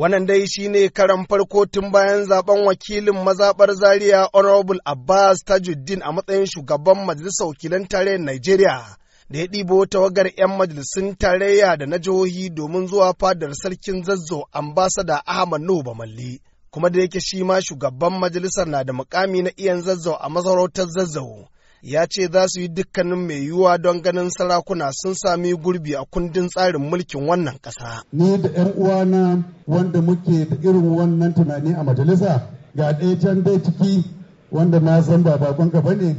Wannan dai shi ne karan farko tun bayan zaben wakilin mazaɓar Zaria Honorable Abbas Tajuddin a matsayin shugaban majalisar wakilan tarayyar Najeriya. da ya ɗibo tawagar 'yan majalisun tarayya da na jihohi domin zuwa fadar sarkin zazzo ambasada Ahmad Nuhu Bamalli. Kuma da yake shi ma shugaban majalisar na da mukami na iyan zazzau a masarautar zazzau. ya ce za su yi dukkanin mai yiwuwa don ganin sarakuna sun sami gurbi a kundin tsarin mulkin wannan ƙasa. Ni da 'yan uwana wanda muke da irin wannan tunani a majalisa ga ɗaya can dai ciki wanda na san ba bakon ka bane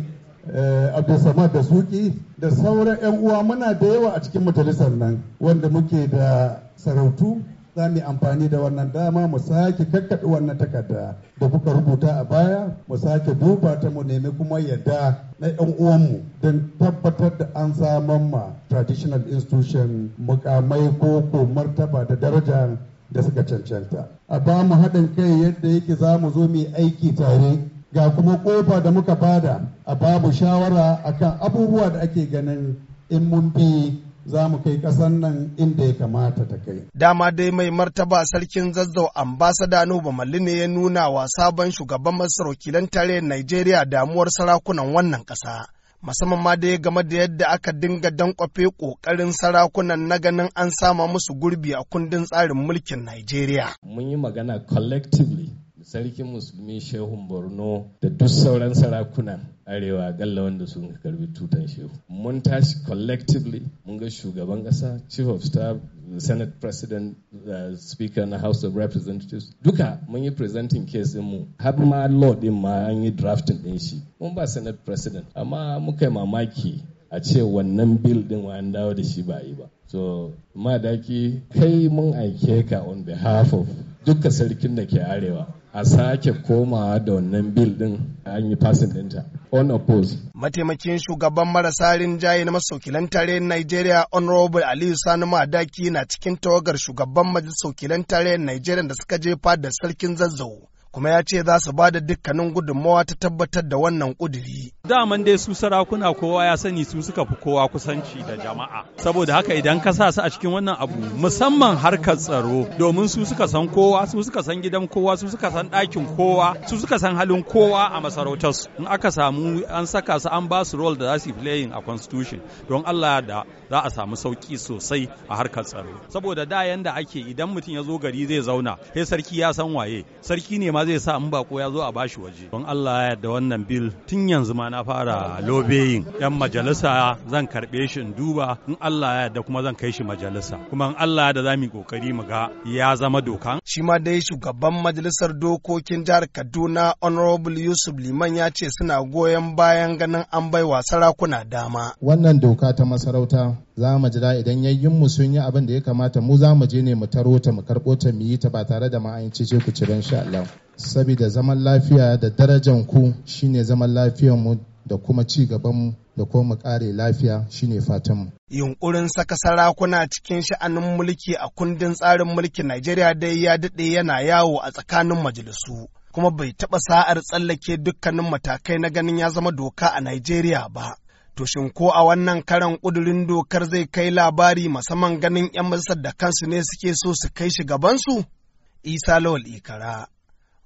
eh, Abdulsamad da Suki da sauran 'yan uwa muna da yawa a cikin majalisar nan wanda muke da sarautu za mu yi amfani da wannan dama mu sake kakkaɗe wannan takarda da kuka rubuta a baya mu sake duba ta mu nemi kuma yadda na 'yan uwanmu don tabbatar da an saman ma traditional institution mukamai ko ko martaba da daraja da suka cancanta a ba mu haɗin kai yadda yake za mu zo mu yi aiki tare ga kuma kofa da muka bada a babu shawara akan abubuwa da ake ganin in mun bi za mu kai ƙasan nan inda ya kamata ta kai. Dama dai mai martaba sarkin zazzau ambasada Anuba Malli ne ya nuna wa sabon shugaban masar wakilan tarayyar Najeriya damuwar sarakunan wannan ƙasa. Musamman ma dai game da yadda aka dinga dankwafe ƙoƙarin sarakunan na ganin an sama musu gurbi a kundin tsarin mulkin Najeriya. Mun yi magana collectively sarkin musulmi Shehu borno da duk sauran sarakunan arewa galla wanda sun karbi tutan shehu mun tashi collectively mun ga shugaban kasa chief of staff senate president uh, speaker na house of representatives duka mun yi presenting case mu har ma law din ma an yi drafting din shi mun ba senate president amma muka yi mamaki a ce wannan bil din wa an dawo da shi ba yi ba so madaki kai mun aike ka on behalf of duka sarkin da ke arewa a sake komawa da wannan bil din an yi fasin dinta on oppose. Mataimakin shugaban marasa rinjaye na masaukilan tarayyar Najeriya Honorable Aliyu Sani Madaki na cikin tawagar shugaban majalisar tarayyar Najeriya da suka jefa da sarkin zazzau. kuma ya ce za su ba da dukkanin gudunmawa ta tabbatar da wannan ƙuduri. Daman dai su sarakuna kowa ya sani su suka fi kowa kusanci da jama'a. Saboda haka idan ka sa su a cikin wannan abu musamman harkar tsaro domin su suka san kowa su suka san gidan kowa su suka san ɗakin kowa su suka san halin kowa a masarautar su. In aka samu an saka su an ba su role da za su yi a constitution don Allah da za a samu sauki sosai a harkar tsaro. Saboda da yanda ake idan mutum ya zo gari zai zauna sai sarki ya san waye sarki ne ma ma zai sa in bako ya zo a bashi waje don Allah ya yarda wannan bil tun yanzu ma na fara lobeyin yan majalisa zan karbe shi in duba in Allah ya yarda kuma zan kai shi majalisa kuma in Allah ya da za mu kokari mu ga ya zama dokan. shi ma dai shugaban majalisar dokokin jihar Kaduna honorable Yusuf Liman ya ce suna goyon bayan ganin an baiwa sarakuna dama wannan doka ta masarauta za mu jira idan yayyin mu sun yi abin da ya kamata mu za mu je ne mu taro ta mu karɓo ta mu yi ta ba tare da ma'ayin ce ku ci ban sha Allah saboda zaman lafiya da darajan ku shine zaman mu da kuma ci gabanmu da kuma mu kare lafiya shine fatanmu. Yunkurin saka sarakuna cikin sha'anin mulki a kundin tsarin mulkin Najeriya dai ya daɗe yana yawo a tsakanin majalisu. Kuma bai taɓa sa'ar tsallake dukkanin matakai na ganin ya zama doka a Najeriya ba. To shin ko a wannan karan ƙudurin dokar zai kai labari musamman ganin 'yan majalisar da kansu ne suke so su kai shi gabansu? Isa Lawal Ikara